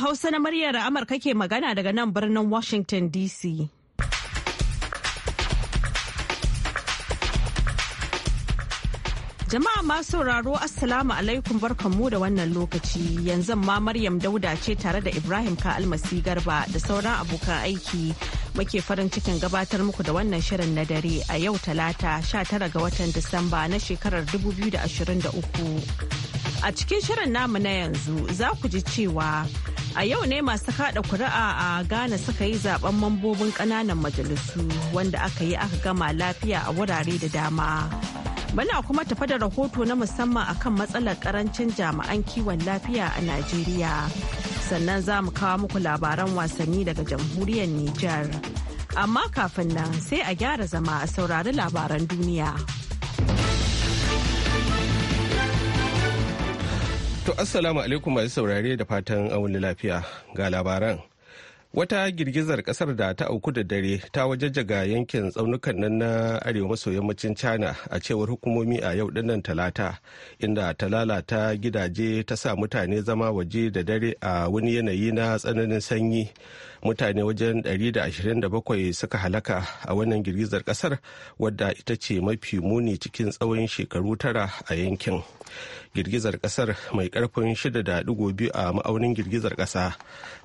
Hausa na muryar Amurka ke magana daga nan birnin Washington DC. Jama'a masu sauraro Assalamu alaikum barkanmu da wannan lokaci yanzu ma Maryam Dauda ce tare da Ibrahim ka almasi Garba da sauran abokan aiki muke farin cikin gabatar muku da wannan shirin na dare a yau talata 19 ga watan Disamba na shekarar 2023. A cikin shirin namu na yanzu za ku ji cewa A yau ne masu kada kuri'a a Ghana suka yi zaben mambobin ƙananan majalisu wanda aka yi aka gama lafiya a wurare da dama. Muna kuma tafa da rahoto na musamman akan matsalar karancin jami'an kiwon lafiya a Najeriya. Sannan za mu kawo muku labaran wasanni daga jamhuriyar Nijar. Amma kafin nan sai a gyara zama a saurari labaran duniya. To assalamu alaikum masu saurare da fatan wani lafiya ga labaran. Wata girgizar kasar da ta auku da dare ta wajajjaga yankin tsaunukan nan na arewa maso yammacin China a cewar hukumomi a yau dinnan talata inda ta lalata gidaje ta sa mutane zama waje da dare a wani yanayi na tsananin sanyi. mutane wajen 127 suka halaka a wannan girgizar kasar wadda ita ce mafi muni cikin tsawon shekaru tara a yankin girgizar kasar mai karfin 6.2 a ma'aunin girgizar kasa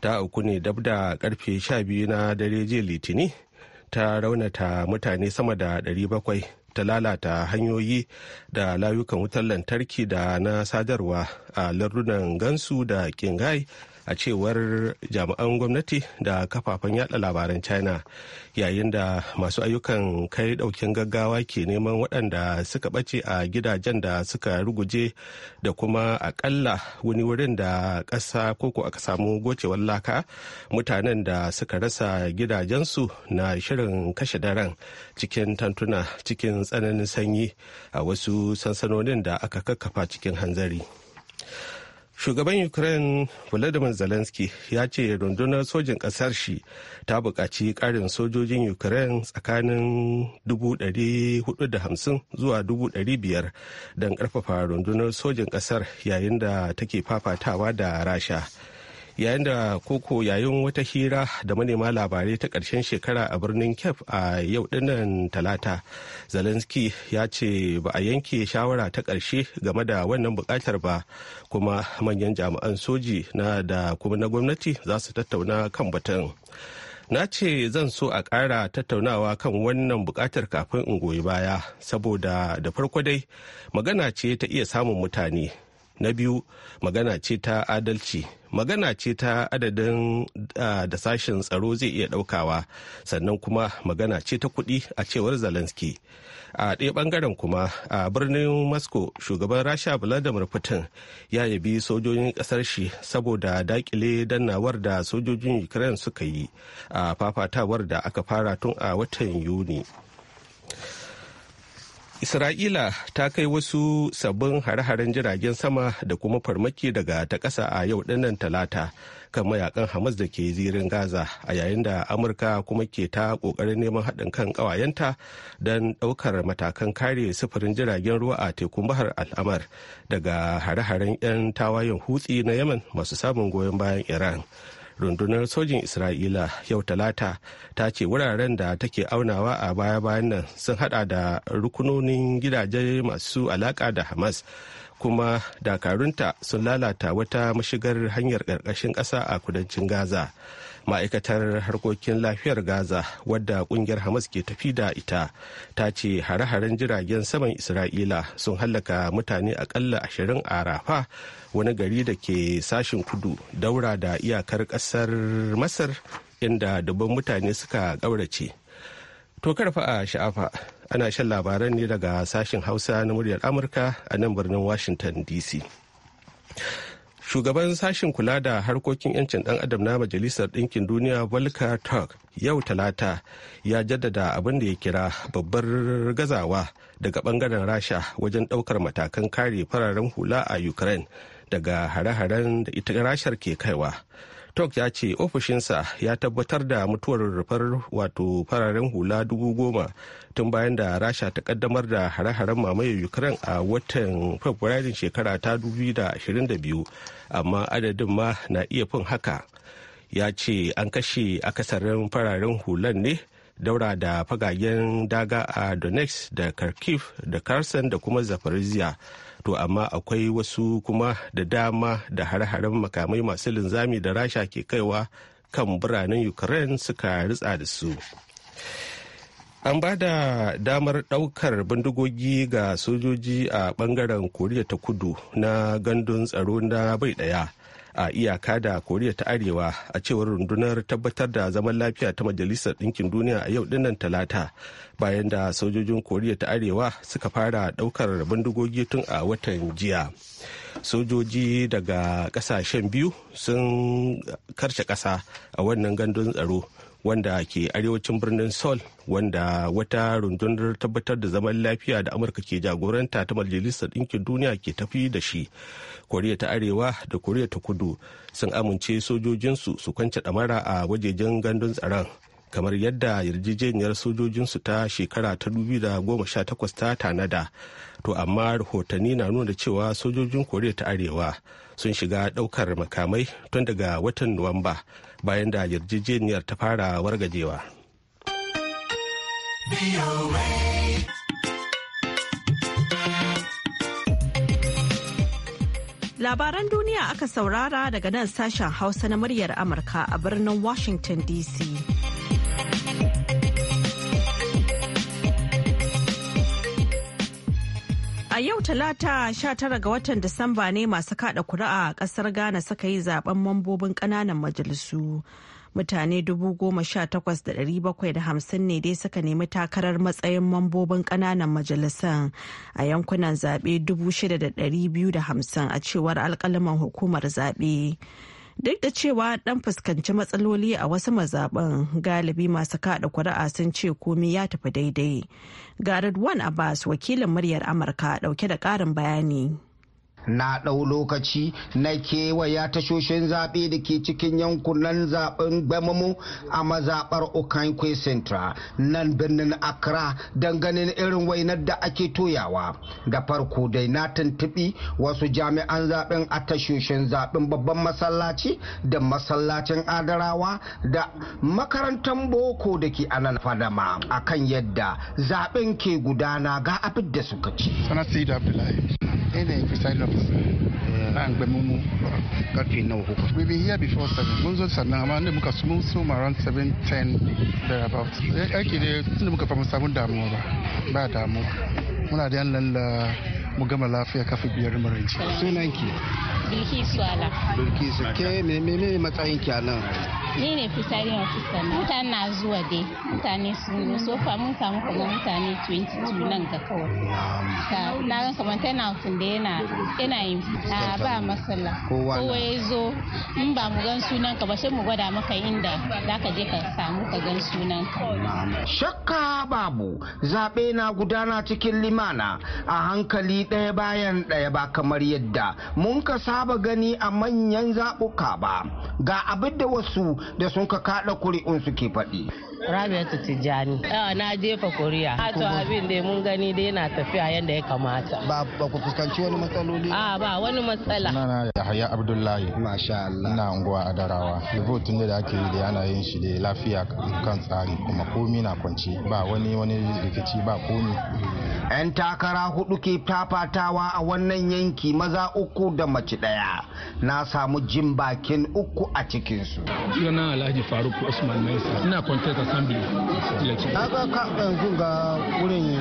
ta auku ne dab da karfe 12 na dare jiya litini ta raunata mutane sama da 700 ta lalata hanyoyi da layukan wutar lantarki da na sadarwa a lardunan gansu da kingai a cewar jami'an gwamnati da kafafen yada labaran china yayin da masu ayyukan kai daukin gaggawa ke neman waɗanda suka ɓace a gidajen da suka ruguje da kuma akalla wani wurin da ƙasa koko aka samu gocewar laka mutanen da suka rasa gidajensu na shirin kashe daren cikin tantuna cikin tsananin sanyi a wasu sansanonin da aka kakkafa cikin hanzari. shugaban ukraine volodymyr zelensky ya ce rundunar sojin kasar shi ta buƙaci ƙarin sojojin ukraine tsakanin 450 zuwa 500 don ƙarfafa rundunar sojin kasar yayin da take fafatawa da rasha yayin da koko yayin wata hira da manema labarai ta ƙarshen shekara a birnin kef a yau dinnan talata zelensky ya ce ba a yanke shawara ta ƙarshe game da wannan bukatar ba kuma manyan jami'an soji na da kuma na gwamnati za su tattauna kan batun na ce zan so a ƙara tattaunawa kan wannan bukatar kafin in goyi baya saboda da farko dai magana ce ta iya samun mutane na biyu magana ce ta adalci magana ce ta adadin da sashen tsaro zai iya daukawa sannan kuma magana ce ta kudi a cewar zelensky a ɗaya ɓangaren kuma a birnin moscow shugaban rasha vladimir putin ya yabi sojojin ƙasar shi saboda dakile dannawar da sojojin ukraine suka yi a fafatawar da aka fara tun a watan yuni Isra'ila ta kai wasu sabbin hare-haren jiragen sama da kuma farmaki daga ta ƙasa a yau dinnan talata kan mayakan Hamas da ke zirin Gaza a yayin da Amurka kuma ke ta ƙoƙarin neman haɗin kan ƙawayenta don ɗaukar matakan kare sufurin jiragen ruwa a tekun bahar al'amar daga hare-haren 'yan tawayen hutsi na Yemen masu samun goyon bayan Iran. rundunar sojin isra'ila yau talata ta ce wuraren da take aunawa a baya-bayan nan sun hada da rukunonin gidaje masu alaka da hamas kuma dakarunta sun lalata wata mashigar hanyar karkashin ƙasa a kudancin gaza ma'aikatar harkokin lafiyar gaza wadda kungiyar hamas ke tafi da ita ta ce hare-haren jiragen saman isra'ila sun hallaka mutane akalla ashirin a rafa wani gari da ke sashen kudu daura da iyakar kasar masar inda dubban mutane suka ƙaurace to karfa a sha'afa ana shan labaran ne daga sashen hausa na muryar amurka a nan birnin washington dc shugaban sashen kula da harkokin 'yancin dan adam na majalisar ɗinkin duniya volker turk yau talata ya jaddada abin da ya kira babbar gazawa daga bangaren rasha wajen ɗaukar matakan kare fararen hula a ukraine daga hare-haren da ita rashar ke kaiwa Tok ya ce ofishinsa ya tabbatar da mutuwar rufar wato fararen hula dubu goma tun bayan da rasha ta kaddamar da hare-haren mamayar ukraine a watan fabrairun shekara ta 2022 amma adadin ma na iya fin haka ya ce an kashe akasarin fararen hulan ne daura da fagagen daga a donetsk da kharkiv da karsan da kuma zaporizhia to amma akwai wasu kuma da dama da hare-haren makamai masu linzami da rasha ke kaiwa kan biranen ukraine suka ritsa da su an ba da damar daukar bindigogi ga sojoji a bangaren koriya ta kudu na gandun tsaro na bai daya a iyaka da koriya ta arewa a cewar rundunar tabbatar da zaman lafiya ta majalisar ɗinkin duniya a yau dinnan talata bayan da sojojin koriya ta arewa suka fara ɗaukar bindigogi tun a watan jiya sojoji daga ƙasashen biyu sun karshe ƙasa a wannan gandun tsaro wanda ke arewacin birnin sol wanda wata rundunar tabbatar da zaman lafiya da Amurka ke jagoranta ta Majalisar Ɗinkin Duniya ke tafi da shi. Koriya ta Arewa da Koriya ta Kudu sun amince sojojinsu su kwance damara a wajejen gandun tsaron. kamar yadda yarjejeniyar sojojinsu ta shekara ta goma sha takwas ta tanada to amma rahotanni na nuna cewa sojojin koriya ta arewa sun shiga daukar makamai tun daga watan nuwamba bayan da yarjejeniyar ta fara wargajewa. Labaran duniya aka saurara daga nan sashen Hausa na muryar Amurka a birnin Washington DC. A yau talata sha 19 ga watan Disamba ne masu kada kuri'a a kasar Ghana suka yi zaben mambobin ƙananan majalisu. Mutane sha da 18,750 ne dai suka nemi takarar matsayin mambobin ƙananan majalisan a yankunan zaɓe da hamsin a cewar alkalaman hukumar zaɓe. Duk da cewa ɗan fuskanci matsaloli a wasu mazaɓin galibi masu kaɗa kuri'a sun ce komi ya tafi daidai. Ga Ridwan Abbas wakilin muryar Amurka ɗauke da ƙarin bayani. na ɗau lokaci na kewaya tashoshin zaɓe da ke cikin yankunan zaɓen gbamamu a mazaɓar okankwe central nan birnin accra don ganin irin wainar da ake toyawa da farko dai na tuntuɓi wasu jami'an zaɓen a tashoshin zaɓen babban masallaci da masallacin adarawa da makarantar boko da ke anan fadama a kan yadda zaɓen ke gudana ga abin da suka ce. Abdullahi, office na an gbamin mu karfe nawa hukun we been here before seven mun zo sannan amma ne muka mun around seven ten thereabout aiki ne tun da muka fama samun damuwa ba ba da yan mu gama lafiya kafin biyar maraice. Sunan ki? Bilkisu Ala. Bilkisu ke ne ne ne matsayin ki anan. nan? Ni ne fitari ofisa na. Mutane na zuwa dai. Mutane sun zo fa mun samu kamar mutane 22 nan ga kawai. Na ran kamar tana kun da yana yana yin a ba masala. Kowa ya zo in ba mu gan sunan ka ba sai mu gwada maka inda za ka je ka samu ka gan sunan ka. Shakka babu zaɓe na gudana cikin limana a hankali ɗaya bayan ɗaya ba kamar yadda mun ka saba gani a manyan zaɓuka ba ga abin da wasu da sun ka kaɗa kuri'un suke faɗi Rabiatu Tijjani. Ah, na jefa koriya. A to abin da mun gani dai yana tafiya yadda ya kamata. Ba ba ku fuskanci wani matsaloli? A ah, ba wani matsala. Na na Yahaya Abdullahi. Masha Allah. Ina unguwa Adarawa. Rubutun da ake yi da ana yin shi da lafiya kan tsari kuma komi na kwanci ba wani wani rikici ba komi. 'Yan takara hudu ke tafatawa a wannan yanki maza uku da mace daya. Na samu jin bakin uku a cikinsu. Sunana Alhaji Faruk Usman Maisa. Ina kwantar assembly election. Na ga ka yanzu ga wurin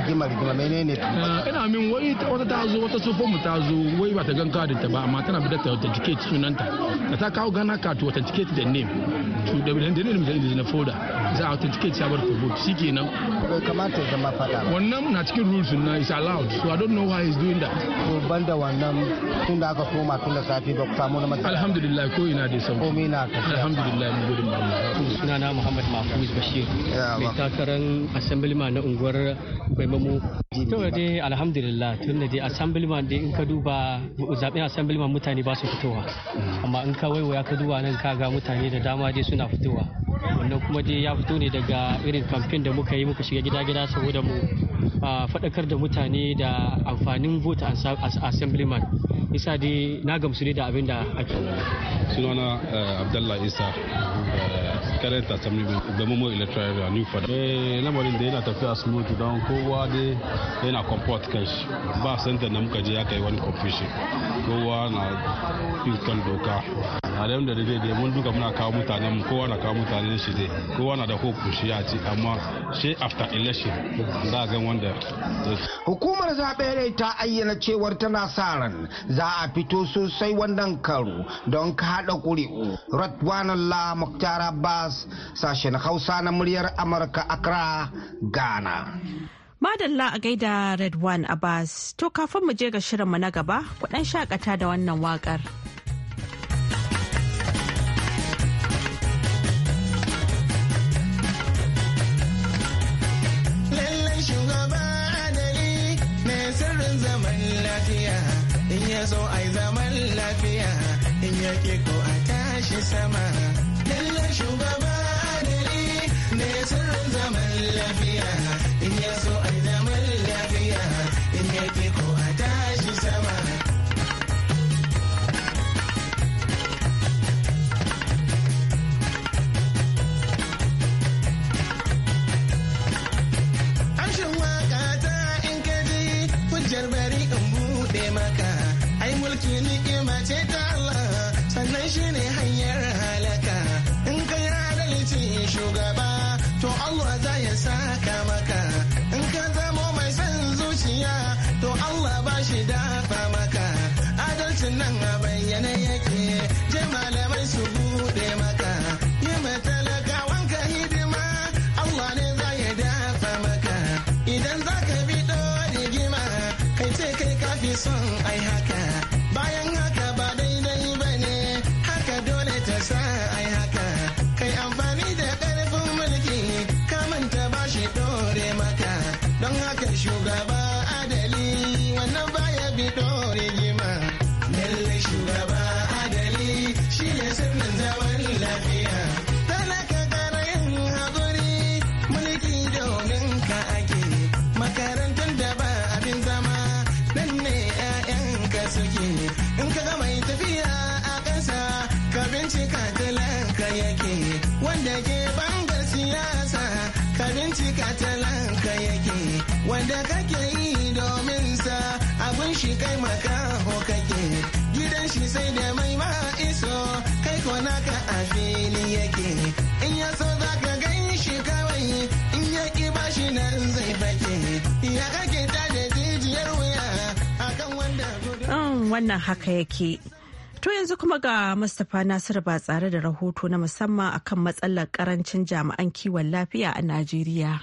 rigima rigima menene eh, ina min wai wata ta zo wata sufan mu ta zo wai ba ta gan kadin ta ba amma tana bi da ta jike sunanta sunan ta kawo gana ka to wata ticket da name to da da name da na folder za a wata jike ta bar to vote shikenan kamata zama fada wannan na cikin rules na is allowed so i don't know why he's doing that to banda wannan tun da aka koma tun da safi ba ku samu na mata alhamdulillah ko ina dai sauki komai na ka alhamdulillah mun gode Allah sunana Muhammad Mahfuz Bashir mai takarar assemblyman na unguwar mu to dai alhamdulillah tun da dai assemblyman dai in ka duba zaben assemblyman mutane ba su fitowa amma in ka waiwaya ka duba nan ka ga mutane da dama dai suna fitowa wannan kuma dai ya fito ne daga irin campaign da muka yi muka shiga gida-gida saboda mu faɗakar da mutane da amfanin vota assemblyman isa dai na gamsu ne da abin da ake sunana eh, abdallah isa eh, current assemblyman da momo electoral new fada eh, lamarin da yana tafiya smooth don kowa kowa dai yana comfort kanshi ba santa da muka je ya yi wani confusion kowa na bin kan doka a da da dai mun duka muna kawo mutane mu kowa na kawo mutanen shi dai kowa na da hope shi ya ci amma shi after election za a gan wanda hukumar zaɓe rai ta ayyana cewar tana sa ran za a fito sosai wannan karo don ka haɗa ƙuri'u la Muktar Abbas sashen Hausa na muryar Amurka Accra Ghana Madalla a gaida Red One Abbas, to kafin mu je ga shirinmu na gaba, kuɗan shakata da wannan waƙar. so ai zaman lafiya in yake ko a tashi sama. Lallai shugaba adali ne sirrin zaman lafiya in ya so wannan haka yake. To yanzu kuma ga Mustapha Nasiru ba tsare da rahoto na musamman akan matsalar karancin jami'an kiwon lafiya a Najeriya.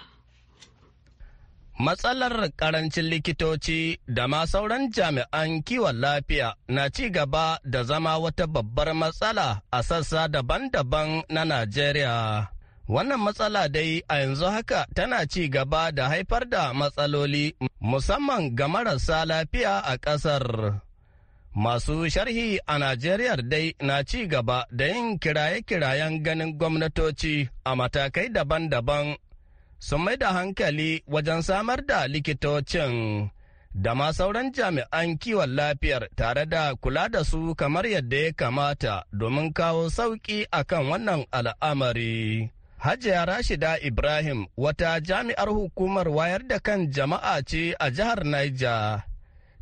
Matsalar karancin likitoci da ma sauran jami'an kiwon lafiya na ci gaba da zama wata babbar matsala a sassa daban-daban na Najeriya. Wannan matsala dai a yanzu haka tana ci gaba da haifar da matsaloli musamman ga marasa lafiya a ƙasar. Masu sharhi a Najeriya dai na ci gaba da yin kiraye-kirayen ganin gwamnatoci a matakai daban-daban sun mai da hankali wajen samar da likitocin da ma sauran jami'an kiwon lafiyar tare da kula da su kamar yadda ya kamata domin kawo sauƙi akan wannan al'amari. Hajiya Rashida Ibrahim wata jami'ar hukumar wayar da kan jama'a ce a jihar Niger.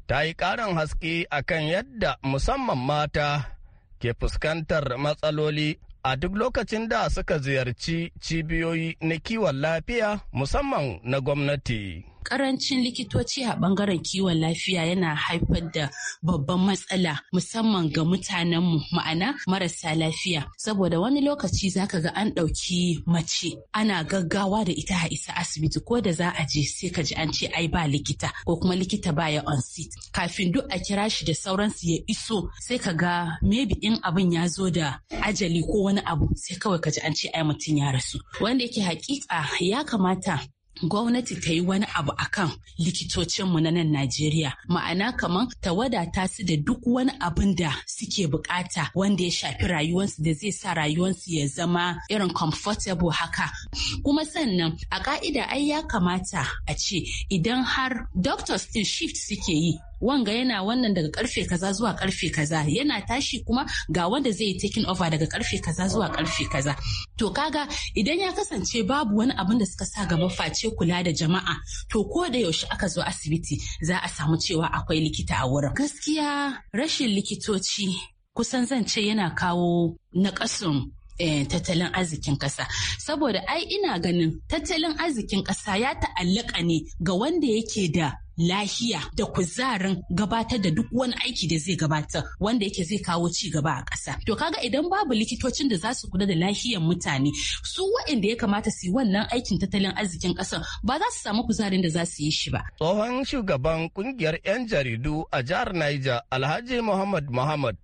ta yi ƙarin haske kan yadda musamman mata ke fuskantar matsaloli a duk lokacin da suka ziyarci cibiyoyi na kiwon lafiya musamman na gwamnati. karancin likitoci a bangaren kiwon lafiya yana haifar da babban matsala musamman ga mutanen mu ma'ana marasa lafiya saboda wani lokaci zaka ga an ɗauki mace ana gaggawa da ita a isa asibiti ko da za a je sai ka ji an ce ai ba likita ko kuma likita baya on seat kafin duk a kira shi da sauransu ya iso sai ka ga maybe in abin ya zo da ajali ko wani abu sai kawai ka ji an ce ai mutum ya rasu wanda yake hakika ya kamata gwamnati ta yi wani abu a kan likitocinmu na nan Najeriya. Ma'ana kamar ta wadata su da duk wani abin da suke bukata wanda ya shafi rayuwarsu da zai sa rayuwarsu ya zama irin comfortable haka. Kuma sannan a ka'ida ai ya kamata a ce idan har doctors din shift suke yi wanga yana wannan daga karfe kaza zuwa karfe kaza yana tashi kuma ga wanda zai yi taking over daga karfe kaza zuwa karfe kaza to kaga idan ya kasance babu wani abin da suka sa gaba face kula da jama'a to ko da yaushe aka zo asibiti za a samu cewa akwai likita a wurin gaskiya rashin likitoci kusan zan ce yana kawo naƙasun Eh, tattalin arzikin ƙasa saboda ai ina ganin tattalin arzikin ƙasa ya ta'allaka ne ga wanda yake da lahiya da kuzarin gabatar da duk wani aiki da zai gabatar wanda yake zai kawo ci gaba a ƙasa. To kaga idan babu likitocin da za su kula da lahiyan mutane su waɗanda ya kamata su yi wannan aikin tattalin arzikin ƙasar ba za su samu kuzarin da za su yi shi ba. Tsohon shugaban ƙungiyar 'yan jaridu a jihar Niger Alhaji Muhammad Muhammad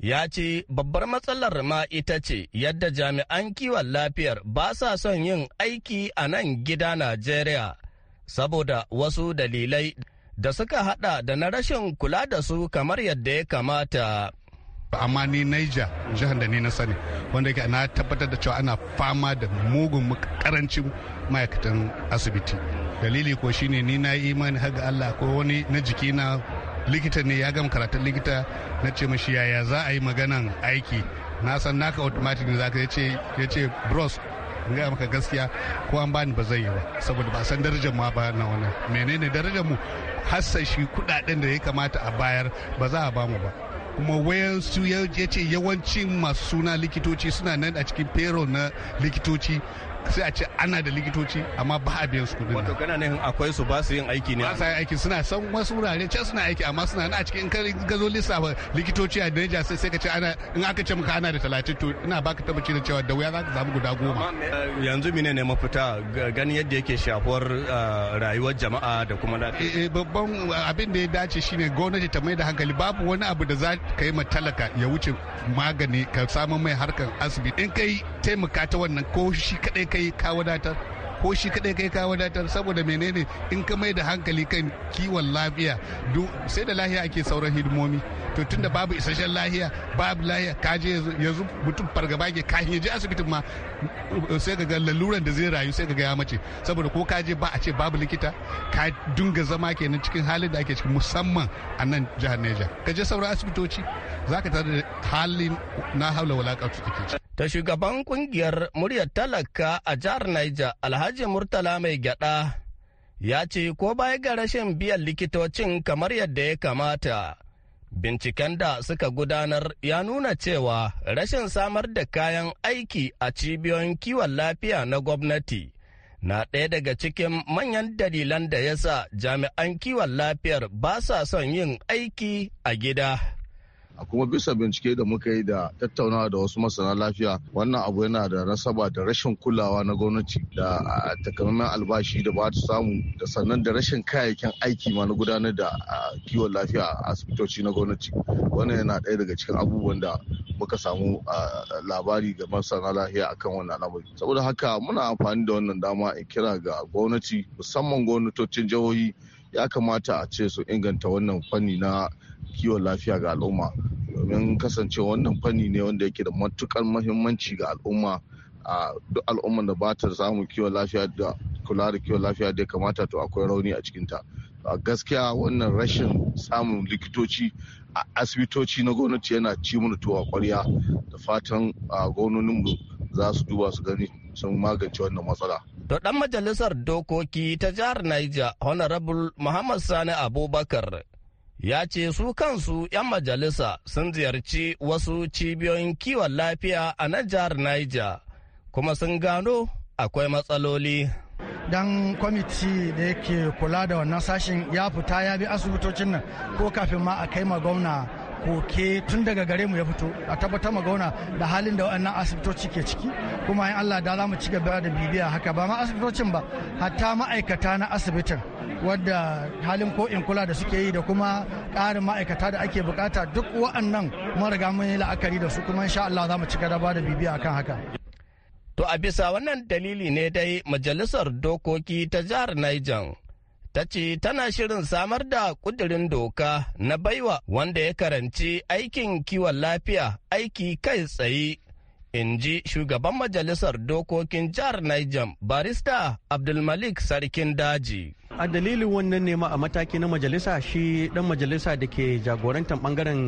ya ce babbar matsalar ma ita ce yadda jami'an kiwon lafiyar ba sa son yin aiki a nan gida Najeriya saboda wasu dalilai da suka hada da na rashin kula da su kamar yadda ya kamata. amma ni naija jihar da ni na sani wanda yake na tabbatar da cewa ana fama da mugun karancin ma'aikatan asibiti dalili ko shine ni na yi imani haga allah ko wani na jikina likita ne ya gama karatun likita na ce mashi yaya za a yi maganan aiki na san naka automatic ne za ka ya ce bros in gaya maka gaskiya ko an bani ba zai yi ba saboda ba san darajar ma ba na wannan menene darajar mu hassashi kudaden da ya kamata a bayar ba za a bamu ba kuma wayansu ya ce yawancin masu suna likitoci suna nan a cikin payroll na likitoci sai a ce ana da likitoci amma ba a biyan su kudin wato kana nan akwai su ba su yin aiki ne ba su yin aiki suna san wasu wurare can suna aiki amma suna na cikin kan gazo lissa ba likitoci a Niger sai sai ka ce ana in aka ce maka ana da 30 to ina baka tabbaci da cewa da wuya za ka samu guda goma eh, yanzu mine ne mafita gani yadda yake shafuwar eh, rayuwar jama'a da kuma lafiya eh, babban abin da ya dace shine gwamnati ta mai da hankali babu wani abu da za ka yi ma talaka ya wuce magani ka samu mai harkar asibiti in kai taimaka ta wannan ko shi kadai kai ka wadatar ko shi kadai kai ka wadatar saboda menene in ka mai da hankali kan kiwon lafiya sai da lahiya ake sauran hidimomi to tunda babu isasshen lahiya babu lahiya ka je yanzu mutum fargaba ke kafin ya je asibitin ma sai ka ga laluran da zai rayu sai ka ga ya mace saboda ko ka je ba a ce babu likita ka dunga zama kenan cikin halin da ake cikin musamman a nan jihar Neja ka je sauran asibitoci zaka tare da halin na haula wala ka ciki Ta shugaban kungiyar muryar talaka a jihar Niger Alhaji Murtala mai gyada ya ce ko baya ga rashin biyan likitocin kamar yadda ya kamata. Binciken da suka gudanar ya nuna cewa rashin samar da kayan aiki a cibiyoyin kiwon lafiya na gwamnati na ɗaya daga cikin manyan dalilan da ya sa jami'an kiwon lafiyar ba sa son yin aiki a gida. a kuma bisa bincike da muka yi da tattaunawa da wasu masana lafiya wannan abu yana da nasaba da rashin kulawa na gwamnati da takamaiman albashi da ba ta samu da sannan da rashin kayayyakin aiki ma na gudanar da kiwon lafiya a asibitoci na gwamnati wannan yana ɗaya daga cikin abubuwan da muka samu labari ga masana lafiya akan wannan al'amari saboda haka muna amfani da wannan dama in kira ga gwamnati musamman gwamnatocin jihohi ya kamata a ce su inganta wannan fanni na kiwon lafiya ga al'umma domin kasance wannan fanni ne wanda yake da matukar mahimmanci ga al'umma a duk al'umman da ba ta samun kiwon lafiya da kula da kiwon lafiya da kamata to akwai rauni a cikinta a gaskiya wannan rashin samun likitoci a asibitoci na gwamnati yana ci mana tuwa kwarya da fatan gwamnoninmu za su duba su gani sun magance wannan matsala. To ɗan majalisar dokoki ta jihar Niger Honorable Muhammad Sani Abubakar ya ce su kansu 'yan majalisa sun ziyarci wasu cibiyoyin kiwon lafiya a na jihar Niger kuma sun gano akwai matsaloli. Dan kwamiti da yake kula da wannan sashen ya fita ya bi asibitocin nan ko kafin ma a kai ma gwamna koke tun daga gare mu ya fito a tabbatar mu gauna da halin da wannan asibitoci ke ciki kuma in Allah da za mu ci gaba da bibiya haka ba ma asibitocin ba hatta ma'aikata na asibitin wadda halin ko in kula da suke yi da kuma ƙarin ma'aikata da ake bukata duk wa'annan mun riga mun yi la'akari da su kuma insha Allah za mu ci gaba da bibiya akan haka to a bisa wannan dalili ne dai majalisar dokoki ta jihar Niger ta ce tana shirin samar da kudirin doka na baiwa wanda ya karanci aikin kiwon lafiya aiki kai tsaye in ji shugaban majalisar dokokin jihar Niger barista abdulmalik sarkin daji a dalilin wannan ne ma a mataki na majalisa shi dan majalisa da ke jagorantar bangaren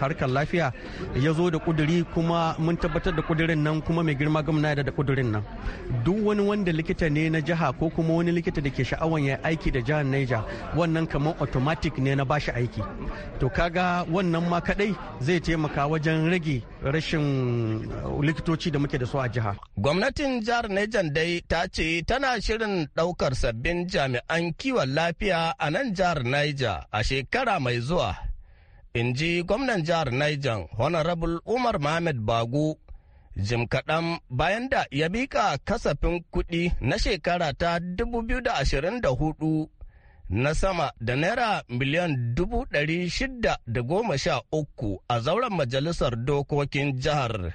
harkar lafiya ya zo da kuduri kuma mun tabbatar da kudurin nan kuma mai girma gamna da da kudurin nan duk wani wanda likita ne na jiha ko kuma wani likita da ke sha'awan ya aiki da jihar Niger wannan kamar automatic ne na bashi aiki to kaga wannan ma kadai zai taimaka wajen rage rashin likitoci da muke da su a jiha. Gwamnatin jihar Niger dai ta ce tana shirin ɗaukar sabbin jami'an kiwon lafiya a nan jihar Niger a shekara mai zuwa. In ji gwamnan jihar Niger Honorable Umar Mohamed Bagu jim kaɗan bayan da ya bika kasafin kuɗi na shekara ta 2024 na sama da naira miliyan dubu ɗari shida da goma sha uku a zauren majalisar dokokin jihar.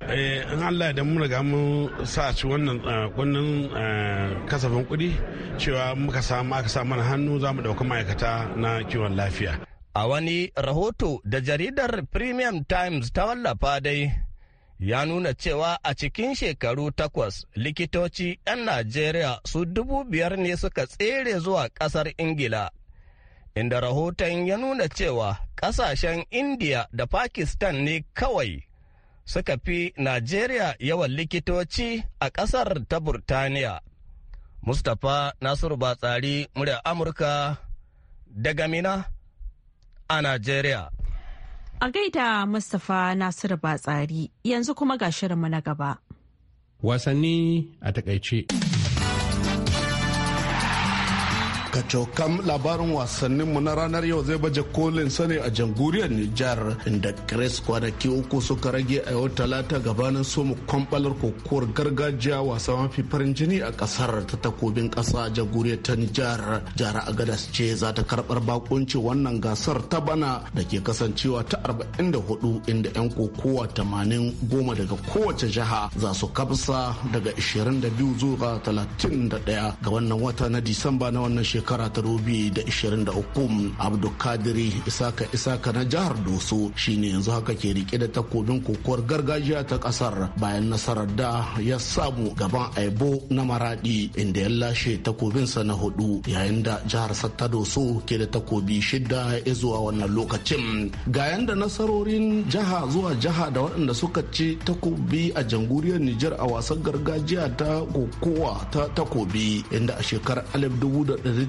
Eh, in Allah da mun riga mun sa ci wannan kunnin eh, eh, kasafin kuɗi cewa muka samu aka sa mana hannu za mu ɗauki ma'aikata na kiwon lafiya. A wani rahoto da jaridar Premium Times ta wallafa dai ya nuna cewa a cikin shekaru takwas likitoci 'yan Najeriya su dubu biyar ne suka tsere zuwa ƙasar Ingila, inda rahoton ya nuna cewa ƙasashen India da Pakistan ne kawai suka fi Najeriya yawan likitoci a ƙasar ta Burtaniya. Mustapha Nasiru Batsari, murya Amurka daga Mina a Najeriya. A gaida Mustapha Nasiru Batsari yanzu kuma ga shirinmu na gaba. Wasanni a takaice. kam labarin wasanninmu na ranar yau zai baje kolin sani a jamhuriyar Nijar inda kres kwanaki uku suka rage a yau talata gabanin somu kwambalar kokowar gargajiya wasa mafi farin jini a kasar ta takobin kasa jamhuriyar ta Nijar. jihar Agadas ce za ta karbar bakunci wannan gasar ta bana da ke kasancewa ta 44 inda 'yan kokowa 80 goma daga kowace jiha za su kafsa daga 22 zuwa 31 ga wannan wata na Disamba na wannan shekara. shekara ta da uku abdulkadiri isaka isaka na jihar doso shine yanzu haka ke rike da takobin kokowar gargajiya ta kasar bayan nasarar da ya samu gaban aibo na maradi inda ya lashe takobinsa na hudu yayin da jihar ta doso ke da takobi shida ya zuwa wannan lokacin ga da nasarorin jiha zuwa jiha da waɗanda suka ci takobi a jamhuriyar nijar a wasan gargajiya ta kokowa ta takobi inda a shekarar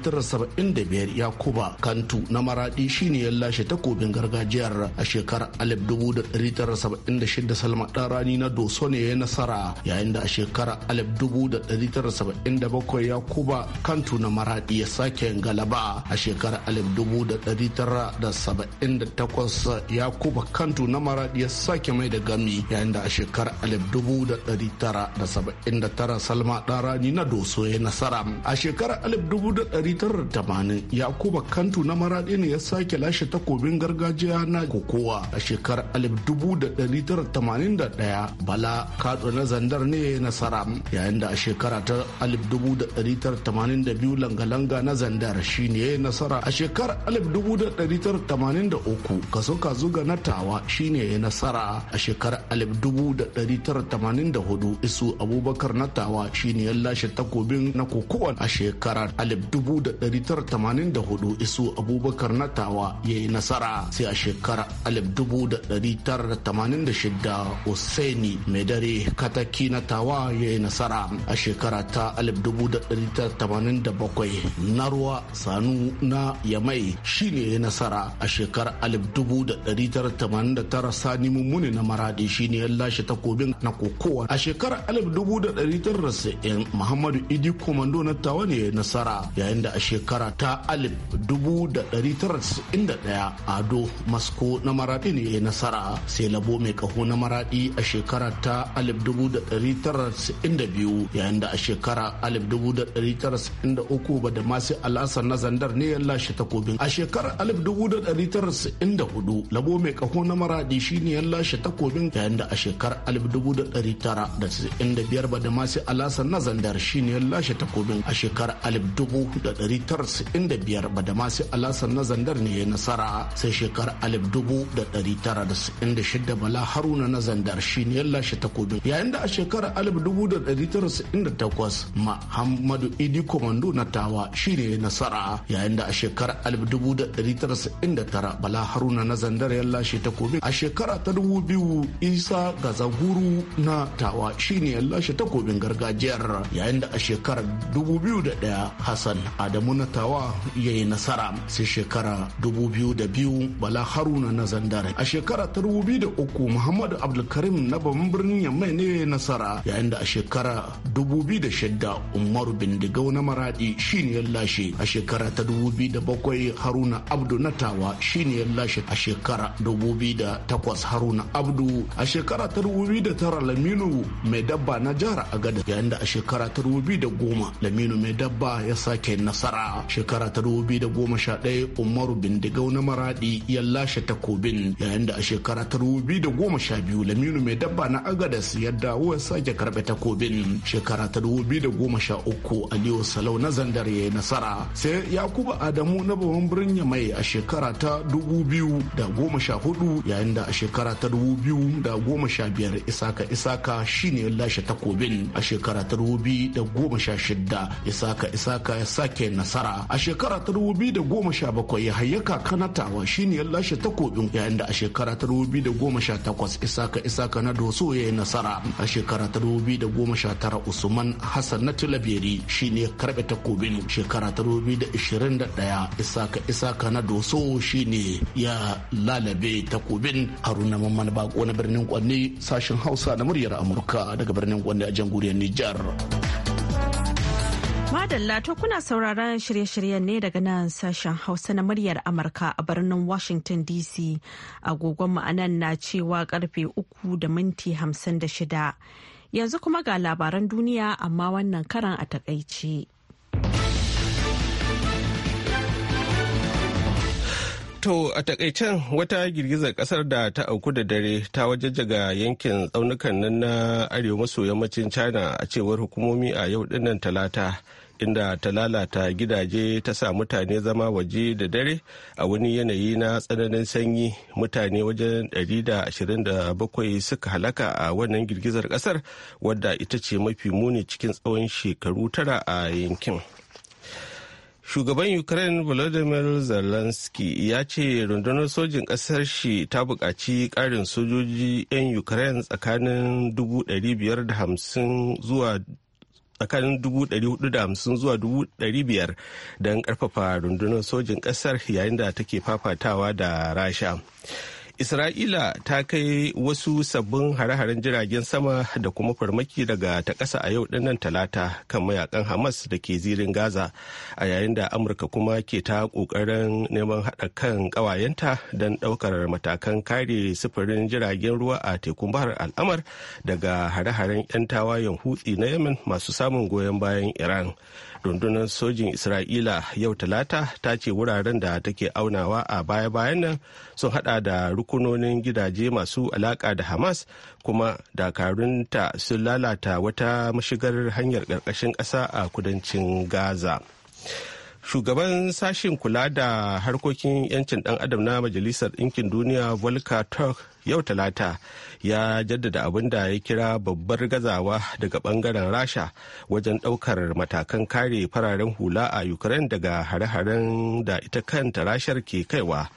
1975 yakuba kantu na maradi shine ya lashe takobin gargajiyar a shekarar 1976 salma rani na doso ne ya nasara yayin da a shekarar 1977 yakuba kantu na maradi ya sake galaba a shekarar 1978 yakuba kantu na maradi ya sake mai da gami yayin da a shekarar 1979 salma rani na doso ya nasara a shekarar 1980 yakuba kantu na maraɗi ne ya sake lashe takobin gargajiya na kokowa a shekarar 1981 bala kaɗo na zandar ne nasara yayin da a shekara ta 1982 langa-langa na zandar shi shine nasara a shekarar 1983 kaso zuga na tawa shi shine nasara a shekarar 1984 isu abubakar na tawa shi ne ya lashe takobin na kokowa a shekarar 1983 1984 isu abubakar natawa ya yi nasara sai a shekarar 1986 Hussaini mai dare kataki natawa ya yi nasara a shekara ta 1987 narwa sanu na yamai shine ya yi nasara a shekarar 1989 sani mummuni na maradi shine ya lashe takobin na kokowa a shekarar 1990 muhammadu idi komando natawa ne ya yi nasara yayin da da a shekara ta 1991 ado masko na maradi ne nasara sai labo mai kaho na maradi a shekara ta 1992 yayin da a shekara 1993 ba da masu al'asar na zandar ne ya lashe takobin a shekarar 1994 labo mai kaho na maradi shine ya lashe takobin yayin da a shekarar 1995 ba da masu al'asar na zandar shine ya lashe takobin a shekarar 1965 badamasi alasan na zandar ne ya nasara sai shekarar 1996 bala haruna na zandar shi ne ya lashe takobi yayin da a shekarar 1998 muhammadu idi komando na tawa shi ne ya nasara yayin da a shekarar 1999 bala haruna na zandar ya lashe takobin a shekara ta 2000 isa gazaguru na tawa shi ne ya lashe takobin gargajiyar yayin da a shekarar 2001 hassan a da na tawa ya yi nasara sai shekara 2002 bala haruna na zandare a shekara ta 2003 muhammadu abdulkarim na babban birnin yamai ne ya yi nasara yayin da a shekara 2006 umaru bindigau na maradi shine ya lashe a shekara ta 2007 haruna abdu na tawa shine ya lashe a shekara 2008 haruna abdu a shekara ta 2009 laminu mai dabba na jihar agada yayin da a shekara ta 2010 laminu mai dabba ya sake nasara nasara shekara ta ɗaya umaru bindigau na maradi ya lashe takobin yayin da a shekara ta biyu laminu mai dabba na agadas ya dawo ya sake karɓe takobin shekara ta uku aliyu salau na zandar ya yi nasara sai yakubu adamu na babban birnin mai a shekara ta hudu yayin da a shekara ta biyar isaka isaka shine ya lashe takobin a shekara ta shida isaka isaka ya sake yin nasara a shekara ta bakwai ya hayyaka kanatawa shine ya lashe takobin yayin da a shekara ta takwas isaka isaka na doso ya yi nasara a shekara ta tara usman hassan na tilabiri shine ya karbe takobin shekara ta ɗaya isaka isaka na doso shine ya lalabe takobin haruna mamman bako na birnin kwanne sashen hausa na muryar amurka daga birnin kwanne a jamhuriyar nijar. Madalla to kuna sauraron shirye-shiryen ne daga nan sashen Hausa na muryar Amurka a birnin Washington DC. Agogon ma'anan na cewa karfe uku da minti hamsin da shida. Yanzu kuma ga labaran duniya amma wannan karan a takaice. To a takaicen wata girgizar kasar da ta auku da dare ta wajajjaga yankin tsaunukan nan na arewa maso yammacin China a cewar hukumomi a yau dinnan talata inda ta lalata gidaje ta sa mutane zama waje da dare a wani yanayi na tsananin sanyi mutane wajen 127 suka halaka a wannan girgizar kasar wadda ita ce mafi muni cikin tsawon shekaru tara a yankin. shugaban ukraine volodymyr zelensky ya ce rundunar sojin ƙasar shi ta buƙaci ƙarin sojoji 'yan ukraine tsakanin 550 zuwa tsakanin 450 zuwa 500 don ƙarfafa rundunar sojin ƙasar yayin da take fafatawa da rasha Isra'ila ta kai wasu sabbin hare-haren jiragen sama da kuma farmaki daga ta ƙasa a yau dinnan talata kan mayakan Hamas da ke zirin Gaza a yayin da Amurka kuma ke ta ƙoƙarin neman haɗa kan ƙawayenta don ɗaukar matakan kare sufurin jiragen ruwa a tekun bahar al'amar daga hare-haren 'yan tawayen hutsi na Yemen masu samun goyon bayan Iran. Rundunar sojin Isra'ila yau talata ta ce wuraren da take aunawa a baya-bayan nan sun hada da rukunonin gidaje masu alaka da hamas kuma dakarunta sun lalata wata mashigar hanyar ƙarƙashin ƙasa a kudancin gaza shugaban sashen kula da harkokin 'yancin dan adam na majalisar ɗinkin duniya volker turk yau talata ya jaddada abin da ya kira babbar gazawa daga bangaren rasha wajen ɗaukar matakan kare fararen hula a ukraine daga hare-haren da ita kanta rashar ke kaiwa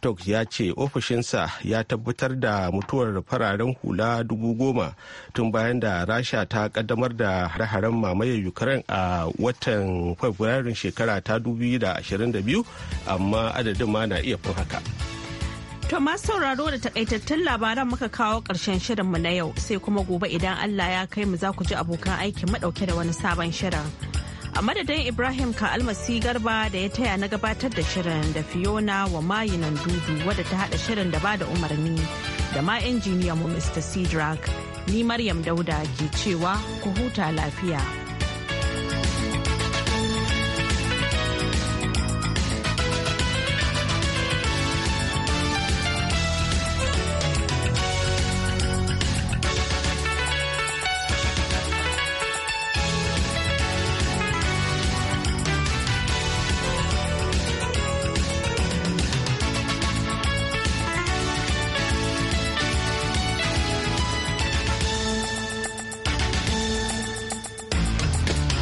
turk ya ce ofishinsa ya tabbatar da mutuwar fararen hula dubu goma tun bayan da rasha ta kaddamar da hare-haren mamayar ukraine a watan fabrairun shekara ta 2022 amma adadin ma na iya fin haka To masu sauraro da takaitattun labaran muka kawo ƙarshen mu na yau sai kuma gobe idan Allah ya kai mu za ku ji abokan aiki madauke da wani sabon shirin. a madadin ibrahim ka almasi garba da ya taya na gabatar da shirin da fiona wa mayinan dudu wadda ta hada shirin da ba da umarni da ma injiniyan mu mr cedric ni maryam dauda ke cewa ku huta lafiya